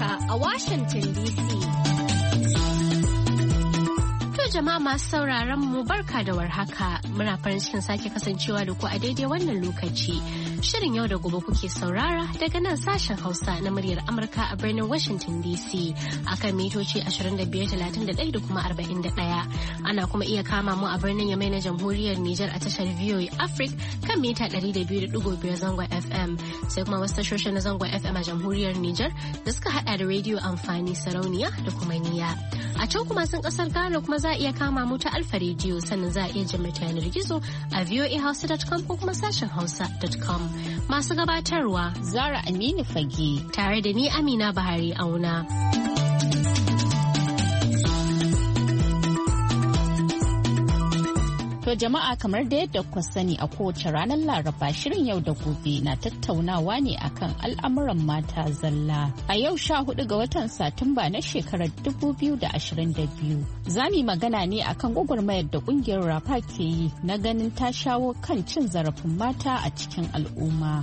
Amurka a Washington DC. To jama'a masu sauraron mu barka da warhaka muna farin cikin sake kasancewa da ku a daidai wannan lokaci. Shirin yau da gobe kuke saurara daga nan sashen Hausa na muryar Amurka a birnin Washington DC akan mitoci 2531 da kuma 41. Ana kuma iya kama mu a birnin Yamai na Jamhuriyar Nijar a tashar VOA Africa kan mita 200.5 zangon FM sai kuma wasu tashoshin na zangon FM a Jamhuriyar Nijar da suka haɗa da rediyo amfani sarauniya da kuma niya. A can kuma sun kasar Ghana kuma za a iya kama mu ta Alfa rediyo sannan za a iya ta yanar gizo a voahausa.com ko kuma sashen hausa.com. masu gabatarwa Zara Aminu Fage tare da ni Amina Buhari Auna. To jama'a kamar da yadda kuka sani a kowace ranar Laraba shirin yau da gobe na tattaunawa ne akan al'amuran mata zalla. A yau sha hudu ga watan Satumba na shekarar ashirin da biyu. mu magana ne akan gwagwarmayar da kungiyar Rafa ke yi na ganin ta shawo kan cin zarafin mata a cikin al'umma.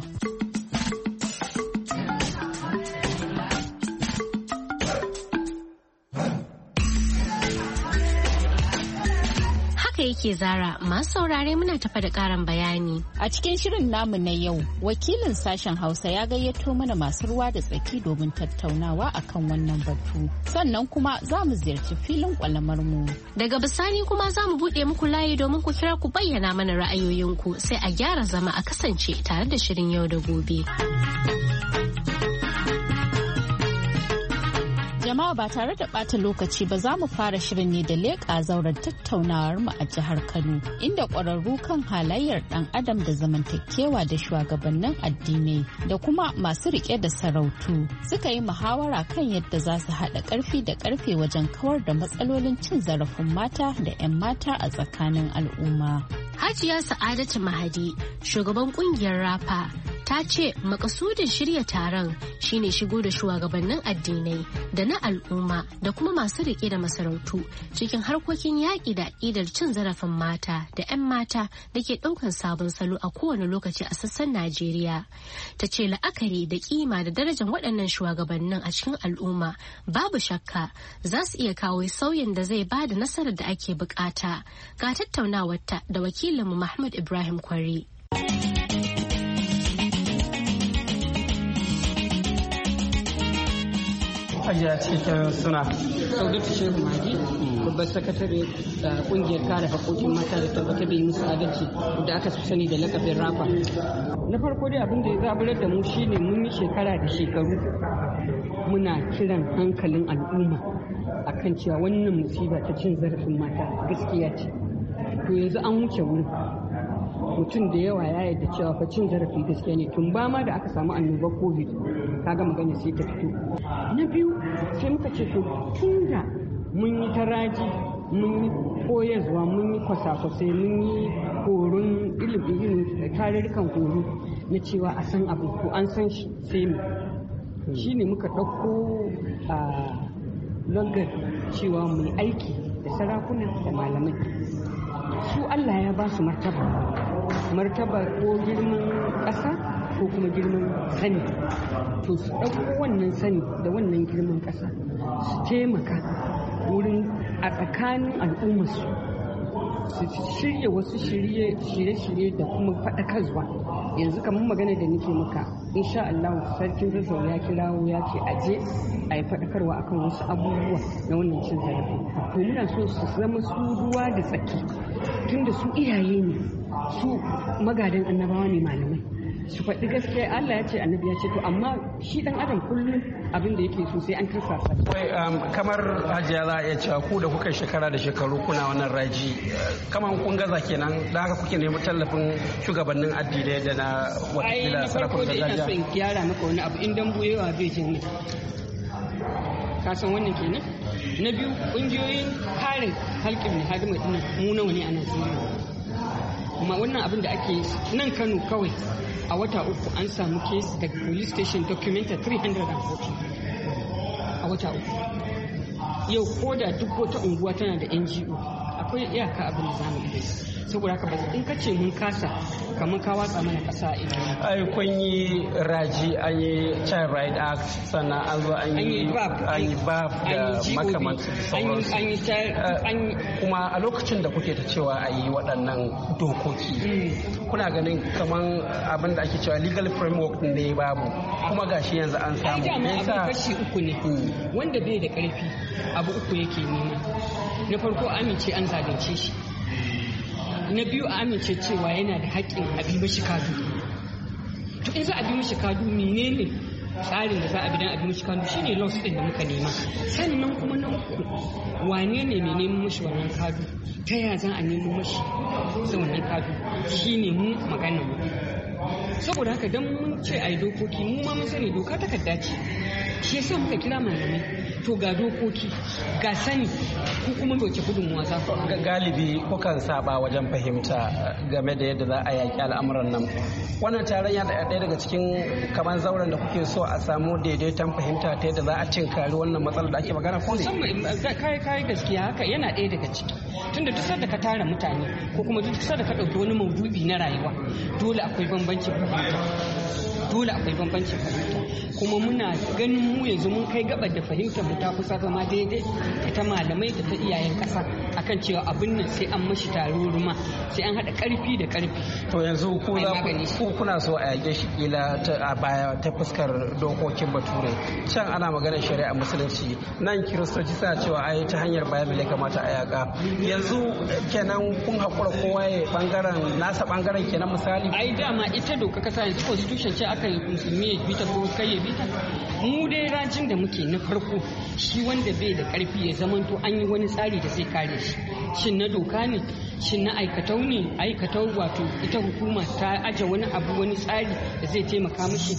ke zara masu saurare muna tafa da karin bayani. A cikin shirin namu na yau, wakilin sashen Hausa ya gayyato mana masu ruwa da tsaki domin tattaunawa akan wannan batu. Sannan kuma za mu ziyarci filin kwalamar mu. Daga bisani kuma za mu buɗe muku layi domin ku kira ku bayyana mana ra'ayoyinku sai a gyara zama a kasance tare da shirin yau da gobe. Jama'a ba tare da bata lokaci ba za mu fara shirin ne da leƙa zauren tattaunawar mu a jihar Kano inda ƙwararru kan halayyar ɗan adam da zamantakewa da shugabannin addinai da kuma masu riƙe da sarautu suka yi muhawara kan yadda za su haɗa ƙarfi da ƙarfe wajen kawar da matsalolin cin zarafin mata da 'yan mata a tsakanin al'umma. Hajiya Sa'adatu Mahadi, shugaban ƙungiyar Rafa, ta ce makasudin shirya taron shine shigo da shugabannin addinai da na al'umma da kuma masu riƙe da masarautu cikin harkokin yaƙi da ƙidar cin zarafin mata da 'yan mata da ke ɗaukan sabon salo a kowane lokaci a sassan najeriya ta ce la'akari da kima da darajar waɗannan shugabannin a cikin al'umma babu shakka za su iya kawo sauyin da zai ba da nasarar da ake bukata ga tattaunawarta da wakilinmu mahmud ibrahim kwari hajiya cikin suna saudatu shehu magi babbar sakatare da kungiyar kare hakokin mata da tabbatar da musu adalci da aka su sani da lakabin rafa na farko dai abin da ya zaburar da mu shine mun yi shekara da shekaru muna kiran hankalin al'umma akan cewa wannan musiba ta cin zarafin mata gaskiya ce to yanzu an wuce wurin mutum da yawa ya da cewa fa cin zarafi gaskiya ne tun ba ma da aka samu annobar covid ga magana sai ta fito na biyu sai muka ce to tun da mun yi taraji mun yi koyarwa mun yi kwasa-kwasai mun yi horon ilimin tarurrukan horo na cewa a san abu ko an san shi sai mu shi ne muka ɗauko a lagar cewa mai aiki da sarakuna da malamai su Allah ya ba su martaba martaba ko girman ƙasa ko kuma girman sani to su ɗauko wannan sani da wannan girman ƙasa su taimaka wurin a tsakanin al'ummarsu su shirya wasu shirye-shirye da kuma faɗakarwa yanzu kamar magana da nake maka insha Allah sarkin zazzau ya kirawo ya ce aje a yi faɗakarwa akan wasu abubuwa na wannan cin zarafi to muna so su zama su ruwa da tsaki tunda su iyaye ne su magadin annabawa ne malamai su faɗi gaskiya Allah ya ce annabi ya ce to amma shi dan adam kullum abin da yake so sai an kasa sa um, kamar hajiya za a iya cewa ku da kuka shekara da shekaru kuna wannan raji kaman kun gaza kenan da haka kuke neman tallafin shugabannin addinai da na wakilila sarakun gargajiya ai na farko gyara maka wani abu in dan buyewa zai je ne ka san wannan kenan na biyu kungiyoyin karin halkin ne hadima mu nawa ne a Najeriya kuma wannan abin da ake nan kano kawai a wata uku an samu kesi daga police station documented 340 a wata uku yau ko da duk wata unguwa tana da ngo akwai iyaka abin da zamu iya saboda haka in ka ce mun kasa kamar ka watsa mana kasa ido ai kun yi raji an yi child right act sannan an zo an yi an yi bab da makamantan sauransu eh, kuma a lokacin da kuke ta cewa a yi waɗannan dokoki mm. kuna ganin kamar abin da ake cewa legal framework ne babu kuma gashi yanzu an samu yasa kashi uku ne mm. wanda bai da karfi abu uku yake nema na farko amince an zagance shi na biyu a amince cewa yana da haƙƙin a bi mashi kadu to in za a bi mashi kadu menene tsarin da za a bi don a bi mashi kadu shine laws din da muka nema sannan kuma na uku wane ne mai neman mashi wannan kadu ta yaya za a nemo mashi da wannan kadu shine mu magana mu saboda haka don mun ce a yi dokoki mu ma mun sani doka ta ce shi yasa muka kira malamai to ga dokoki ga sani ku kuma doke gudunmuwa za ku galibi kukan saba wajen fahimta game da yadda za a yaƙi al'amuran nan wannan taron ya ɗaya daga cikin kaman zauren da kuke so a samu daidaiton fahimta ta yadda za a cinkari wannan matsalar da ake magana ko ne kai kai gaskiya haka yana ɗaya daga ciki tunda duk sanda ka tara mutane ko kuma duk sanda ka dauki wani maudubi na rayuwa dole akwai bambancin dole akwai bambanci fahimta kuma muna ganin mu yanzu mun kai gaba da fahimtar mu ta kusa zama daidai da ta malamai da ta iyayen kasa akan cewa abin nan sai an mashi taro ruma sai an hada karfi da karfi To yanzu ku kuna so a yage shi kila a baya ta fuskar dokokin bature can ana magana shari'a musulunci nan kiristoci sa cewa ai ta hanyar bayan ya kamata a yaka yanzu kenan kun haƙura kowa ya bangaren nasa bangaren kenan misali. Ai dama ita doka kasa yanzu constitution ce aka musulmi ya bi ta kai yayyabe ta mu dai rajin da muke na farko shi wanda bai da karfi ya zama zamanto an yi wani tsari da zai kare shi shin na doka ne shin na aikatau ne aikatau wato ita hukuma ta aje wani abu wani tsari da zai taimaka mishi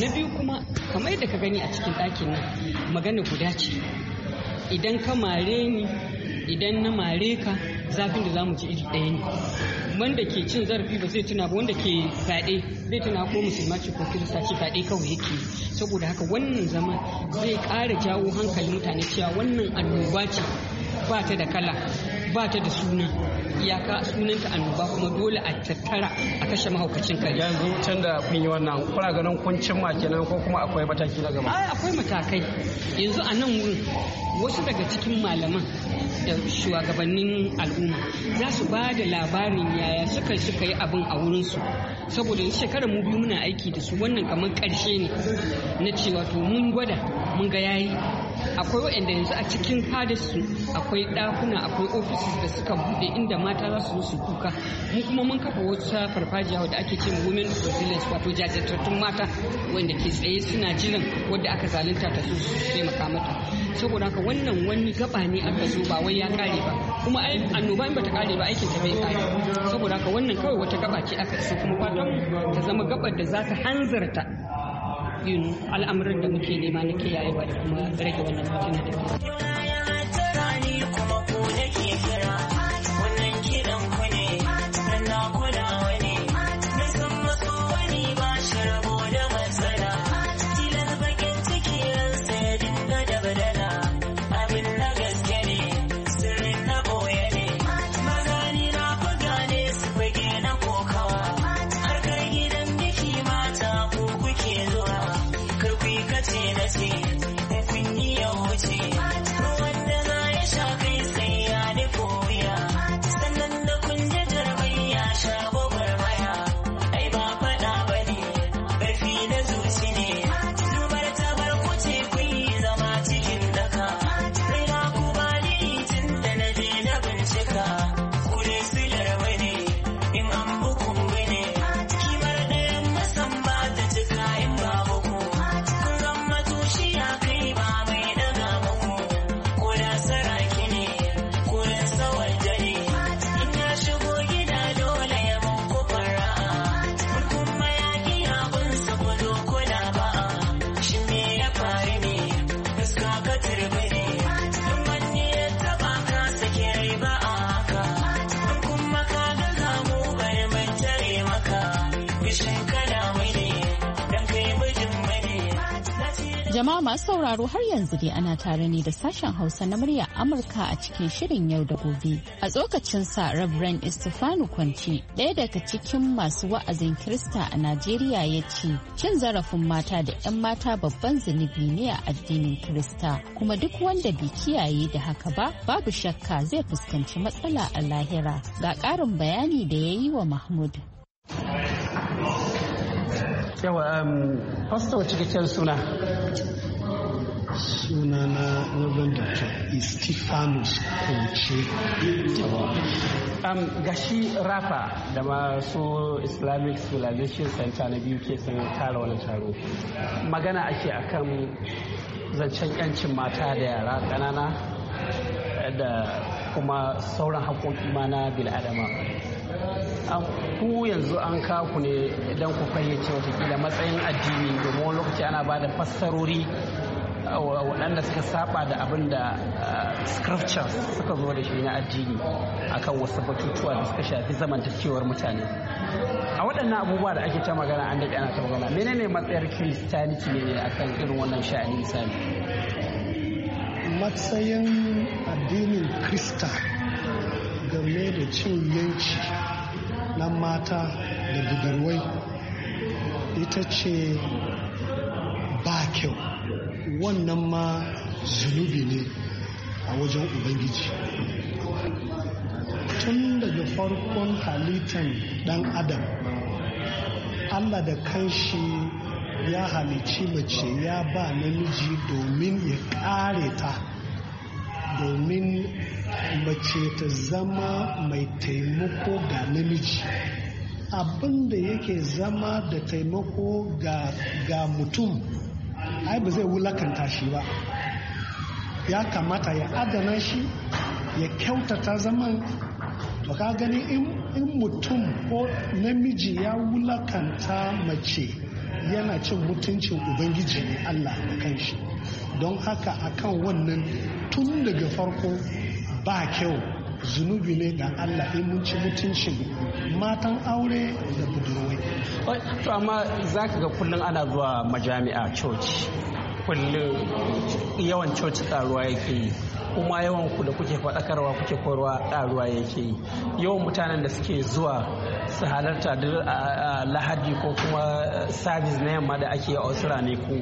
na biyu kuma kamar yadda ka gani a cikin ɗakin nan magana guda ce idan ka mare ni idan na mare ka zafin da za mu ji iri ɗaya ne wanda ke cin zarafi ba zai tuna ba wanda ke fyaɗe zai tuna ko musulma ce ko kirista ce fyaɗe kawai yake saboda haka wannan zama zai ƙara jawo hankalin mutane cewa wannan annoba ce ba ta da kala ba ta da suna iyaka sunanta annoba kuma dole a tattara a kashe mahaukacin kai. yanzu can kun yi wannan kuna ganin kun cimma kenan ko kuma akwai mataki na gaba akwai matakai yanzu a nan wurin wasu daga cikin malaman da shugabannin al'umma za su ba da labarin yaya suka suka yi abin a wurin su saboda yanzu shekarar mu biyu muna aiki da su wannan kamar karshe ne na cewa to mun gwada mun ga yayi akwai waɗanda yanzu a cikin su akwai ɗakuna akwai offices da suka buɗe inda mata za su zo su kuka mu kuma mun kafa wata farfajiya wadda ake ce women resilience wato jajirtattun mata wanda ke tsaye suna jiran wadda aka zalunta ta su su taimaka mata saboda haka wannan wani gaba ne aka zo ba wai ya kare ba kuma annoba in bata kare ba aikin ta bai kare saboda haka wannan kawai wata gaba ce aka so kuma fatan ta zama gabar da za ta hanzarta al'amuran da muke nema na kiyayewa da kuma rage wannan mutum da ke Jama'a masu sauraro har yanzu dai ana tare ne da sashen Hausa na murya Amurka a cikin shirin yau da gobe. A tsokacin sa Reverend Istifanu Kwanci, ɗaya daga cikin masu wa'azin Kirista a Najeriya ya ce, cin zarafin mata da 'yan mata babban zunubi ne a addinin Kirista, kuma duk wanda bai kiyaye da haka ba, babu shakka zai fuskanci matsala a lahira. Ga ƙarin bayani da ya yi wa Mahmud. yawa um, pastor cikakken suna suna na reverend dr stephanus kauce um, gashi rafa da masu islamic civilization center na biyu ke sun tara wani taro magana ake akan zancen yancin mata da yara ƙanana da kuma sauran haƙoƙi ma na bil'adama ku yanzu an kaku ne don ku fayyace watakila matsayin addini domin wani lokaci ana ba da fassarori waɗanda suka saba da abin da scriptures suka zo da shi na addini akan wasu batutuwa da suka shafi zamantakewar mutane a waɗannan abubuwa da ake ta magana an daɗe ana ta magana menene matsayar kiristaniti ne akan irin wannan sha'ani misali matsayin addinin krista game da cin yanci Na mata da budurwai ita ce ba kyau wannan ma zunubi ne a wajen ubangiji tun daga farkon halittar dan adam allah da kanshi ya halici mace ya ba namiji domin ya kare ta domin mace ta zama mai taimako ga namiji abin da yake zama da taimako ga mutum ai ba zai wulakanta shi ba ya kamata ya adana shi ya kyautata zaman to ka gani in mutum ko namiji ya wulakanta mace yana cin mutuncin ubangiji ne allah kan kanshi don haka akan wannan tun daga farko ba kyau zunubi ne da allah in mun ci mutuncin matan aure da budurwai to amma za ka ga kullum ana zuwa majami'a coci kullum yawan coci karuwa yake yi kuma yawan ku da kuke faɗakarwa kuke koyarwa ƙaruwa yake yi yawan mutanen da suke zuwa su halarta lahadi ko kuma eh, sabis na yamma da ake a ne ku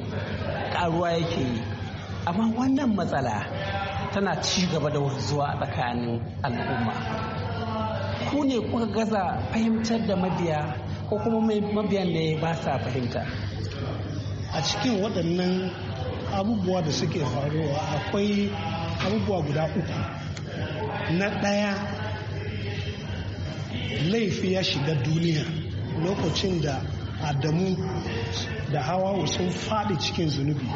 ƙaruwa yake yi amma wannan matsala tana ci gaba da zuwa a tsakanin al'umma ku ne kuka gaza fahimtar da mabiya ko kuma mabiyan ne ba sa fahimta a cikin waɗannan abubuwa da suke faruwa akwai abubuwa guda uku na ɗaya laifi ya shiga duniya lokacin da adamu da hawa sun faɗi cikin zunubi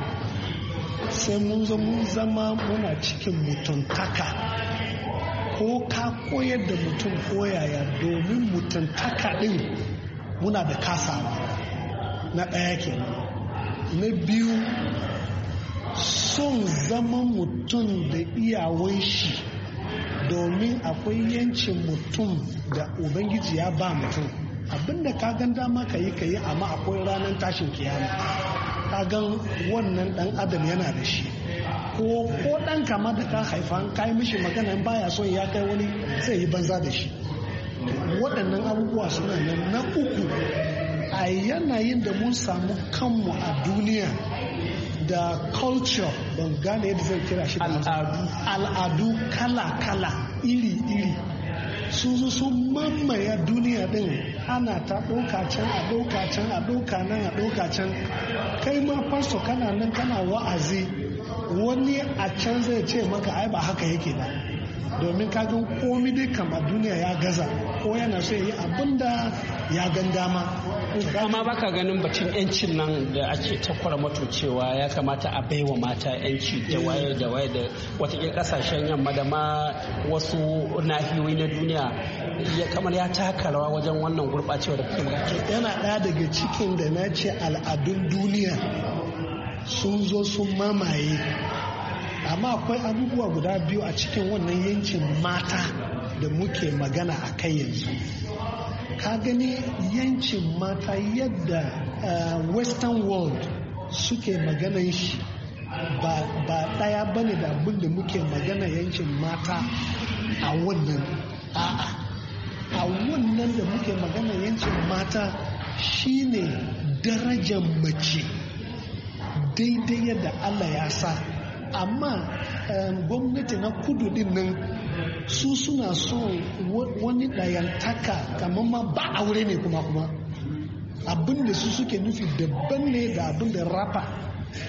sai mun zama muna cikin mutuntaka ko ka koyar da mutum koyaya domin mutuntaka ɗin muna da kasa na ɗaya kenan na biyu son zaman mutum da iyawan shi domin akwai yancin mutum da ubangiji ya ba mutum abinda ka gan dama ka yi ka yi amma akwai ranar tashin kiyama ka gan wannan dan adam yana da shi ko dan kama da ka haifa ka yi mishi magana baya son ya kai wani zai yi banza da shi waɗannan abubuwa suna nan na uku a yanayin da mun samu kanmu a duniya da culture ban gane yadda zai kira shi al'adu al'adu kala-kala iri-iri su zo sun mamaya duniya din ana ta ɗauka can a ɗauka can a ɗauka nan a ɗauka can kai ma fasto kana nan kana wa'azi wani a can zai ce maka ai ba haka yake ba domin kajin komi dai kama duniya ya gaza ko yana so ya yi abin da ya gan dama dama baka ganin batun yancin nan da ake ta mato cewa ya kamata a baiwa mata yanci da eh. waye da waye da wataƙil kasashen yamma da ma wasu nahiyoyi na duniya ya kamar ya taka rawa wajen wannan gurɓacewa da kuma yana ɗaya daga cikin da na ce al'adun duniya sun zo sun mamaye amma akwai abubuwa guda biyu a cikin wannan yankin mata da muke magana a kai yanzu ka gani yancin mata yadda uh, western world suke magana shi ba, ba ɗaya bane da abin da muke magana yancin mata a wannan a'a a wannan da muke magana yancin mata shine darajar mace daidai yadda allah ya sa amma gwamnati na kudu din nan su suna so wani dayantaka kamar ma ba aure ne kuma kuma abin da su suke nufi daban ne da abin da rapa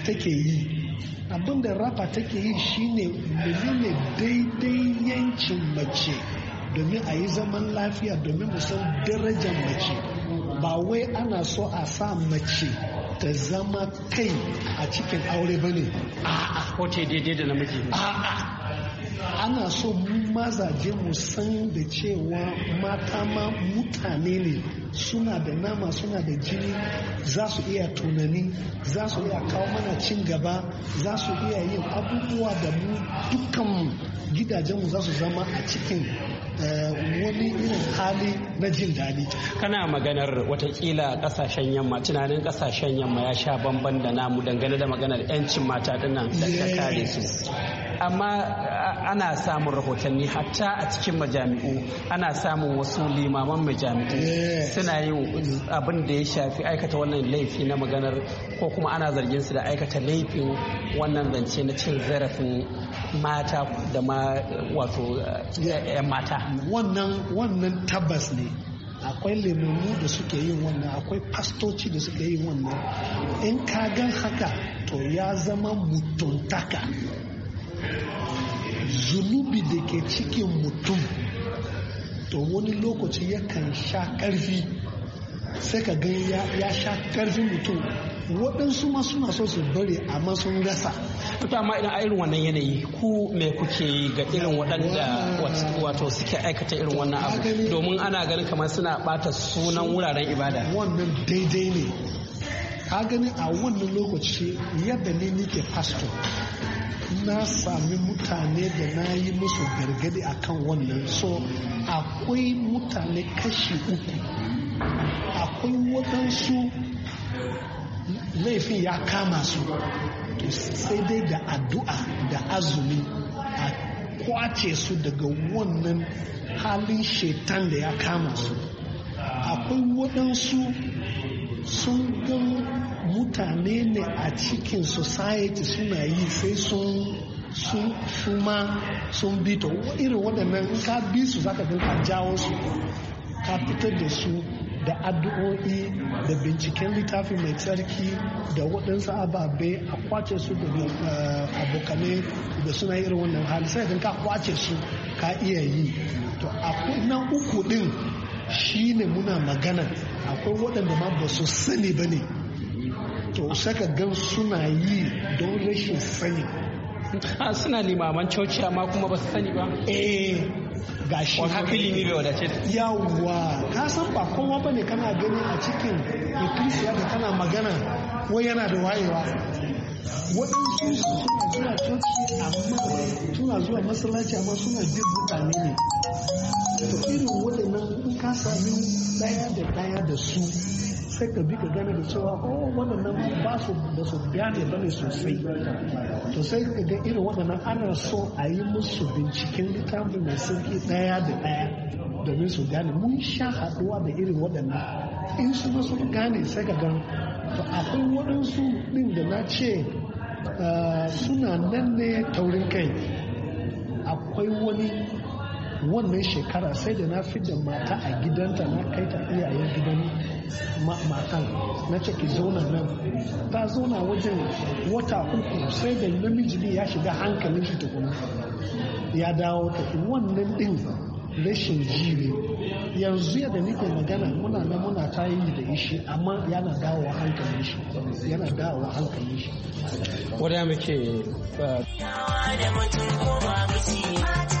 take yi abin da rapa take yi shine ne daidai yancin mace domin a yi zaman lafiya domin mu daraja darajar mace ba wai ana so a sa mace ta zama kai a cikin aure ba ne a'a wace daidai da namiji a'a ana so mu mazaje mu san da cewa mata ma mutane ne suna da nama suna da jini za su iya tunani za su iya kawo mana cin gaba za su iya yin abubuwa da mu dukkanmu gidajenmu za su zama a cikin Eh, wani irin hali na jin daɗi kana maganar watakila kasashen yamma tunanin ƙasashen yamma ya sha bamban da namu dangane da maganar 'yancin mata dinnan da ta kare eh. su amma eh, ana samun rahotanni hatta a cikin majami'u ana samun wasu limaman majami'u suna yi abin da ya shafi aikata wannan laifi na maganar ko kuma ana zargin su da aikata laifin wannan zance na cin zarafin mata da ma wato yan mata wannan wannan tabbas ne akwai lemonu da suke yin wannan akwai fastoci da suke yin wannan in ka gan haka to ya zama mutuntaka zunubi da ke cikin mutum to wani lokaci yakan sha ƙarfi sai ka gani ya sha ƙarfin mutum waɗansu ma suna so su bari amma sun gasa to amma idan a irin wannan yanayi ku me kuke ga irin waɗanda wato suke aikata irin wannan abu domin ana ganin kamar suna ɓata sunan wuraren ibada wannan daidai ne ka gani a wannan lokaci yadda ne nike pastor na sami mutane da na yi musu gargadi akan wannan so akwai mutane kashi uku akwai waɗansu laifin ya kama su to sai dai da addu'a da azumi a kwace su daga wannan halin shetan da ya kama su akwai waɗansu sun gan mutane ne a cikin society suna yi sai sun su suma sun bito irin waɗannan ka bi su zaka ka jawo su ka fitar da su da addu'o'i da binciken littafi mai tsarki da waɗansu ababe a kwace su da eh, abokanai da suna irin wannan hali sai ka kwace su ka iya yi to a na uku din shine muna magana akwai waɗanda ma ba su sani ba ne to saka gan suna yi don rashin sani suna limaman coci amma kuma ba su sani ba eh gashi haka ilimi bai wadace yawwa ka san ba kowa bane kana gani a cikin ikkilisiya da kana magana wai yana da wayewa waɗansu suna zuwa coci amma suna zuwa masallaci amma suna bin mutane ne to irin waɗannan in ka sami daya da daya da su sai ka bi ka gane da cewa oh waɗannan ba su da su gane bane sosai to sai ka ga irin waɗannan ana so a yi musu binciken littafi mai sauki ɗaya da ɗaya domin su gane mun sha haduwa da irin waɗannan in su ba su gane sai ka gan to akwai waɗansu ɗin da na ce eh, suna nan ne taurin kai akwai wani wannan shekara sai da na fi da mata a gidanta na kai ta iyayen gidan matan na ciki ki zauna nan ta zauna wajen wata uku sai da namiji ne ya shiga hankalin shi tukuna ya dawo ta wannan din rashin jire yanzu yadda nake magana muna na muna ta yi da ishi amma yana dawo hankalin shi yana dawo hankalin shi wadda muke uh, da mutum ko ba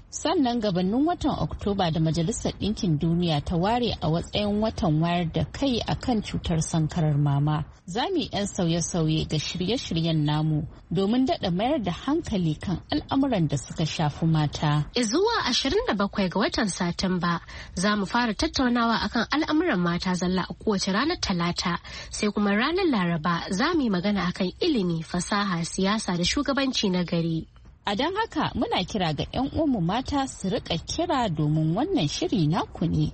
sannan gabanin watan oktoba da majalisar ɗinkin duniya ta ware a watsayin watan wayar da kai a kan cutar sankarar mama za mu yi 'yan sauye-sauye ga shirye-shiryen namu domin daɗa mayar da hankali kan al'amuran da suka shafi mata zuwa 27 ga watan satumba za mu fara tattaunawa akan al'amuran mata zalla a kowace ranar talata sai kuma ranar laraba za mu yi magana akan ilimi fasaha siyasa da shugabanci na gari A don haka muna kira ga 'yan uwanmu mata su rika kira domin wannan shiri naku ne.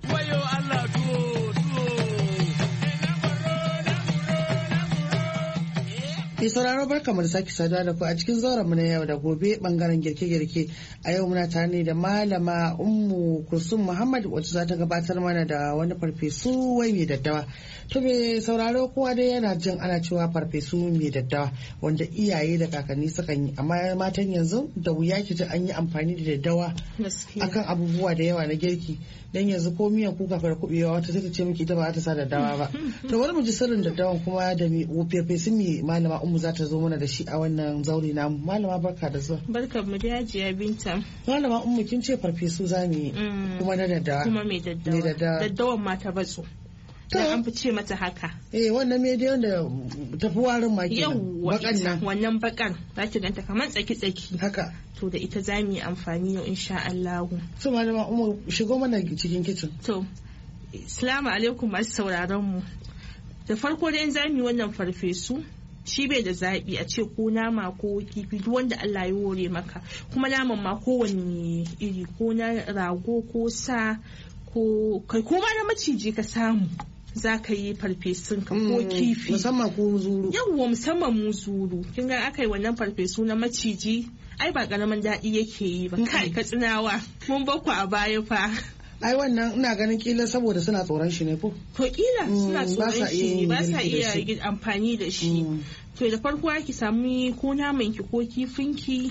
Mai sauraro mu da sake saduwa da ku a cikin zauren mu na yau da gobe bangaren girke-girke. A yau muna tare ne da malama Ummu Kulsum Muhammad wacce za ta gabatar mana da wani farfesu wai mai daddawa. To me sauraro kowa dai yana jin ana cewa farfesu mai daddawa wanda iyaye da kakanni sukan yi amma matan yanzu da wuya ki ji an yi amfani da daddawa akan abubuwa da yawa na girki. dan yanzu ko miyan kuka kar kubewa wata sai ta ce miki ita ba ta sa daddawa ba to wani mu ji sirrin daddawa kuma da mi sun mi malama ummu za ta zo mana da shi a wannan zauri na malama barka da zuwa barka mu da hajiya binta malama ummu kin ce farfesu za mu yi mm. kuma na daddawa kuma mai daddawa daddawan mata batsu da an fi ce mata haka eh wannan me da tafi warin ma kenan bakan nan wannan bakan zaki ganta kamar tsaki tsaki haka to da ita za mu yi amfani yau insha Allah So malama Umar shigo mana cikin kitchen to Assalamu alaikum masu sauraron mu da farko dai za mu yi wannan farfesu shi bai da zaɓi a ce ko nama ko kifi duk wanda Allah ya hore maka kuma naman ma kowanne iri ko na rago ko sa ko kai ko ma na maciji ka samu za ka yi farfesun ka ko mm, kifi musamman ko zuru yawwa musamman mu zuru kin ga aka yi wannan farfesu na maciji ai ba karamin daɗi yake yi ba kai ka tsinawa mun ku a baya fa ai wannan ina ganin kila saboda suna tsoron shi ne ko to kila mm, suna tsoron shi ne ba sa iya amfani da shi mm. to da farko ki sami ko naman ki ko kifin ki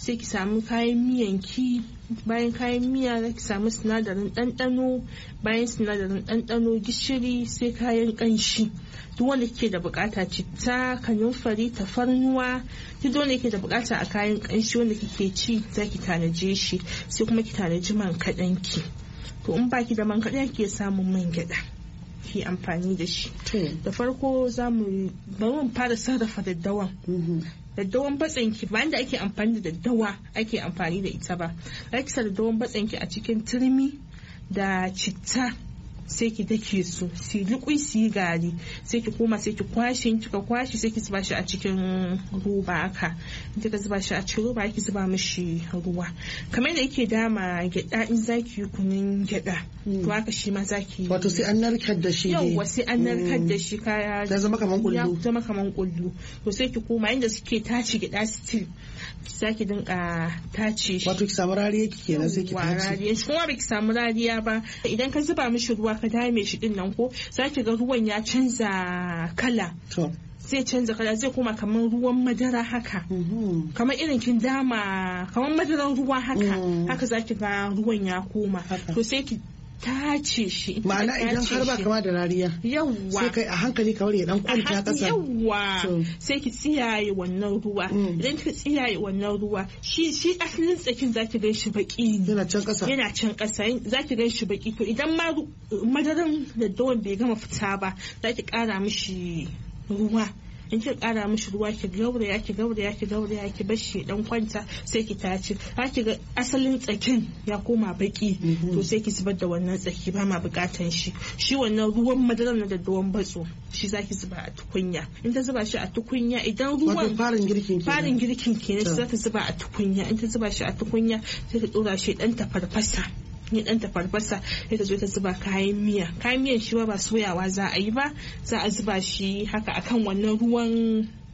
sai ki samu kayan miyan ki bayan kayan miya za ki samu sinadarin ɗanɗano bayan sinadarin ɗanɗano gishiri sai kayan ƙanshi duk wanda ke da bukata citta kanumfari tafarnuwa duk wanda ke da bukata a kayan ƙanshi wanda kike ci za ki tanaje shi sai kuma ki tanaji man kaɗan ki to in baki da man kaɗan ki samun man gyaɗa ki amfani da shi da farko za mu bari mu fara sarrafa daddawan mm-hmm. daddawan batsen ki ba inda ake amfani da daddawa ake amfani da ita ba za sa daddawan batsen ki a cikin turmi da citta sai ki dake su si liƙui su yi gari sai ki koma sai ki kwashe kika kwashe sai ki zuba shi a cikin roba haka in kika zuba shi a cikin roba ki zuba mishi ruwa kamar da yake dama gyada in zaki yi kunun gyada hmm. to haka shi ma zaki wato sai an narkar da shi yawwa sai an narkar da hmm. shi kaya ya zama kaman kullu ya zama kaman kullu to sai ki koma inda suke tace gyada still saki dinka tace shi wato ki samu rariya kike kenan sai ki tace rariya kuma ba ki samu rariya ba idan ka zuba mishi ruwa ka dame shi din nan ko zaki ga ruwan ya canza kala zai canza kala zai koma kamar ruwan madara haka mm-hmm. kamar irin kin dama kamar madaran ruwa haka mm. haka zaki ga ruwan ya koma to sai ki tace shi ma'ana idan har ba kama da rariya yawwa sai kai a hankali kawar ya dan kwanta kasa yawwa sai ki tsiyaye wannan ruwa mm. idan ki tsiyaye wannan ruwa shi shi asalin tsakin zaki gan shi baki yana can kasa yana can kasa zaki gan shi baki to idan ma madaran da bai gama fita ba zaki kara mishi ruwa in ki kara mishi ruwa ki gauraya ki gauraya ki gauraya ki bashi dan kwanta sai ki tace za ki ga asalin tsakin ya koma baki mhm. to sai ki zubar da wannan tsaki ba ma bukatan shi shi wannan ruwan madarar na daddawan batso shi za ki zuba a tukunya in ta zuba shi a tukunya idan ruwan farin girkin farin girkin kenan za ta zuba a tukunya in ta zuba shi a tukunya sai ta dora shi dan tafarfasa ni dan tafarfasa sai ta zo ta zuba kayan miya kayan miyan shi ba soyawa za a yi ba za a zuba shi haka akan wannan ruwan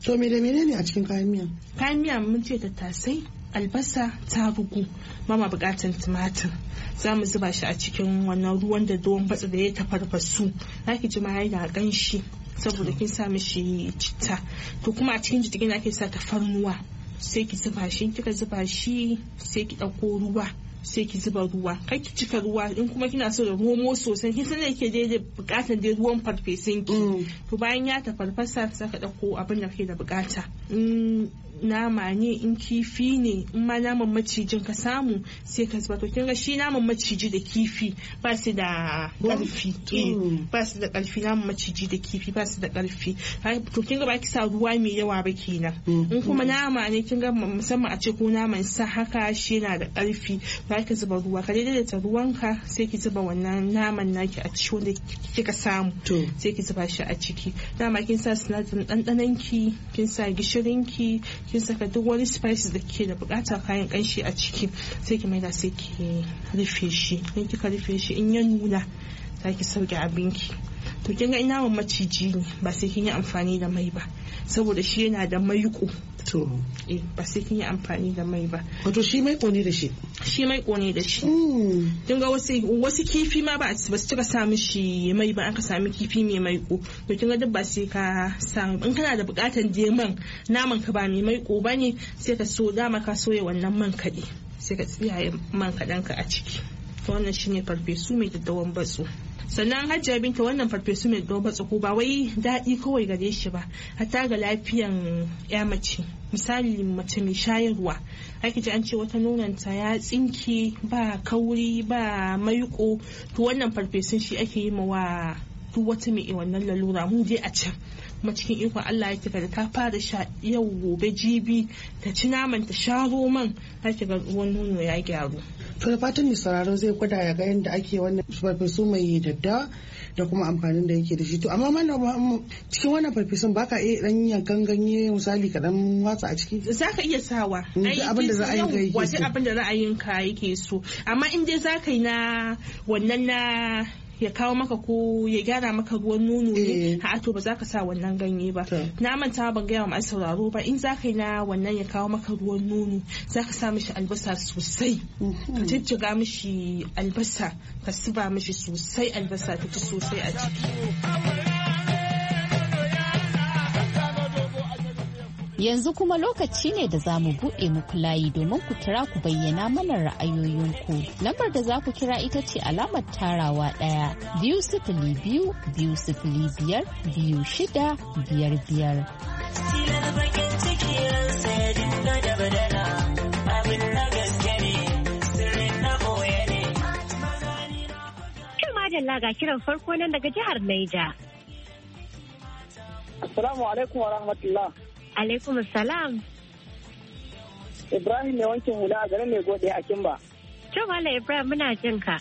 to me da menene a cikin kayan miya kayan miya mun ce tattasai albasa ta bugu mama bukatan tumatir za mu zuba shi a cikin wannan ruwan da doon batsa da ya tafarfasu zaki ji ma yana ganshi saboda kin sa mishi citta to kuma a cikin jijigin ake sa tafarnuwa sai ki zuba shi kika zuba shi sai ki ɗauko ruwa sai ki zuba ruwa kai ki cika ruwa in kuma kina so da homo sosai kin san da yake daidai bukatar dai ruwan farfesun ki mm. to bayan ya farfasa sai ka dauko abin da kake da bukata mm. nama ne in kifi ne in ma naman macijin ka samu sai ka zuba to kin ga shi naman maciji da kifi ba su da karfi eh, ba su da karfi naman maciji da kifi ba su da karfi to kin ga ba ki sa ruwa mai yawa ba kenan mm-hmm. in kuma nama ne kin ga musamman a ce ko naman sa haka shi yana da karfi ba ki zuba ruwa ka daidai da ruwan ruwanka sai ki zuba wannan naman naki a ciki wanda kika samu sai ki zuba shi a ciki dama kin sa sinadarin ki kin sa gishirinki kin saka duk wani spices da ke da bukata kayan kanshi a ciki sai ki maida sai ki rufe shi in kika rufe shi in ya nuna za ki sauke abinki to kin ga ina maciji ne ba sai kin yi amfani da mai ba saboda shi yana da maiko to eh ba sai kin yi amfani da mai ba wato shi mai kone da shi shi mai kone da shi hmm. kin ga wasu wasu kifi ma ba ba su cika sa shi mai ba aka sami kifi mai maiko to kin ga duk ba sai ka san in kana da bukatar je man naman ka ba mai maiko ne sai ka so dama ka soya wannan man kaɗi sai ka tsiyaye man kaɗanka ka a ciki wannan shine farfesu mai daddawan batsu sannan hajjiya binta wannan farfesu mai doba tsoho ba wai daɗi kawai gare shi ba hatta ga lafiyan ya mace misali mace mai shayarwa ake ji an ce wata nonanta ya tsinki ba kauri ba maiko to wannan farfesun shi ake yi wa duk wata mai wannan lalura mu je a can kuma cikin ikon Allah ya kika da ta fara sha yau gobe jibi ta ci naman ta sha roman ake ga ruwan nono ya gyaru to da fatan mai sauraro zai gwada ya ga yadda ake wannan farfesu mai dadda da kuma amfanin da yake da shi to amma mana cikin wannan farfesun ba ka iya dan yankan ganye misali ka dan watsa a ciki ka iya sawa mm, abin da ra'ayin ka yake so abin da ra'ayinka ka yake so amma in dai za ka yi na wannan na ya kawo maka ko ya gyara maka ruwan nono ne eh. a ato ba za ka sa wannan ganye ba na manta ban gaya wa masu sauraro ba in za ka yi na wannan ya kawo maka ruwan nono za ka sa mishi albasa sosai mhm. ka jijjiga mishi albasa ka siba mishi sosai albasa ta ci sosai a ciki Yanzu kuma lokaci ne da za mu buɗe muku layi domin ku kira ku bayyana mana ra'ayoyinku. Lambar da za ku kira ita ce alamar tarawa ɗaya biyu sifili biyu biyu sifili biyar biyu shida biyar biyar. ga kiran farko nan daga jihar Naija. Assalamu alaikum wa rahmatullah. Alaikum salam. Ibrahim ne wankin hula a garin mai gode a Kimba. Cewa Mala Ibrahim muna jin ka.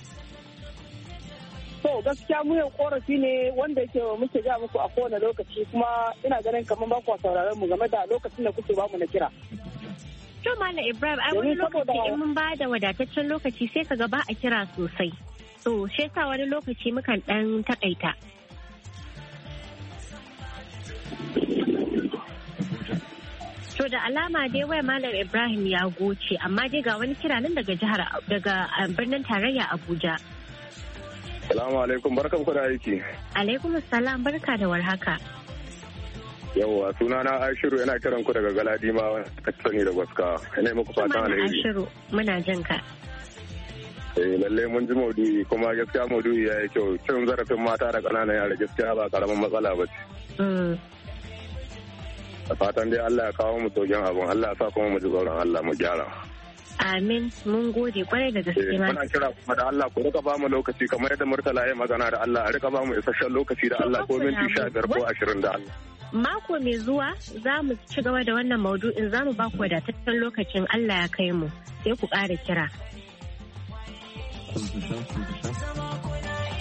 To gaskiya mu yau korafi ne wanda yake muke ja muku a kowane lokaci kuma ina ganin kamar ba kwa sauraron mu game da lokacin da kuke ba mu na kira. To Mala Ibrahim ai wani lokaci in mun ba da wadataccen lokaci sai ka ga ba a kira sosai. To shi yasa wani lokaci mukan dan takaita. da alama dai waya Malam Ibrahim ya goce amma dai ga wani kira nan daga jihar daga um, birnin tarayya Abuja. Salamu alaikum barkan ku da aiki. Alaikum salam barka da warhaka. Yawwa na Ashiru yana kiran ku daga Galadima Katsani da Gwaska. Ina muku fatan alheri. Ashiru muna jin ka. eh lalle mun ji maudu'i kuma gaskiya maudu'i ya yi kyau cin zarafin mata da ƙananan yara gaskiya ba ƙaramin matsala ba ce. Mm. da fatan dai Allah ya kawo mu sauƙin abin Allah ya sa kuma mu ji tsoron Allah mu gyara Amin mun gode kwarai da gaske eh, ma. Muna kira kuma da Allah ku rika ba mu lokaci kamar yadda Murtala ya magana da Allah a rika ba mu isasshen lokaci da Allah ko minti 15 ko 20 da Allah. Mako mai zuwa za mu ci gaba da wannan maudu'in za mu ba ku wadataccen lokacin Allah ya kai mu sai ku kara kira.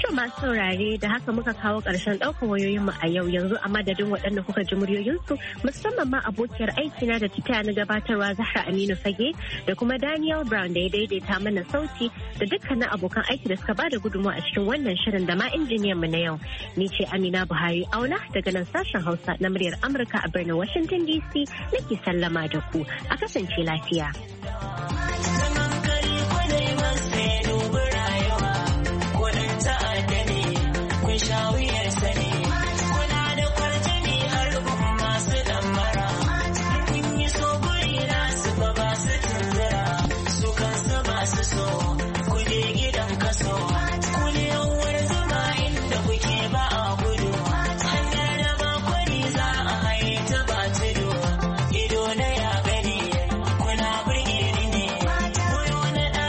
To masu saurare da haka muka kawo ƙarshen ɗaukar mu a yau yanzu a madadin waɗanda kuka ji muryoyinsu musamman ma abokiyar aiki na da tita na gabatarwa Zahra Aminu Fage da kuma Daniel Brown da ya daidaita mana sauti da dukkanin abokan aiki da suka bada gudunmawa a cikin wannan shirin da ma injiniyan mu na yau. Ni ce Amina Buhari Auna daga nan sashen Hausa na muryar Amurka a birnin Washington DC nake sallama da ku a kasance lafiya.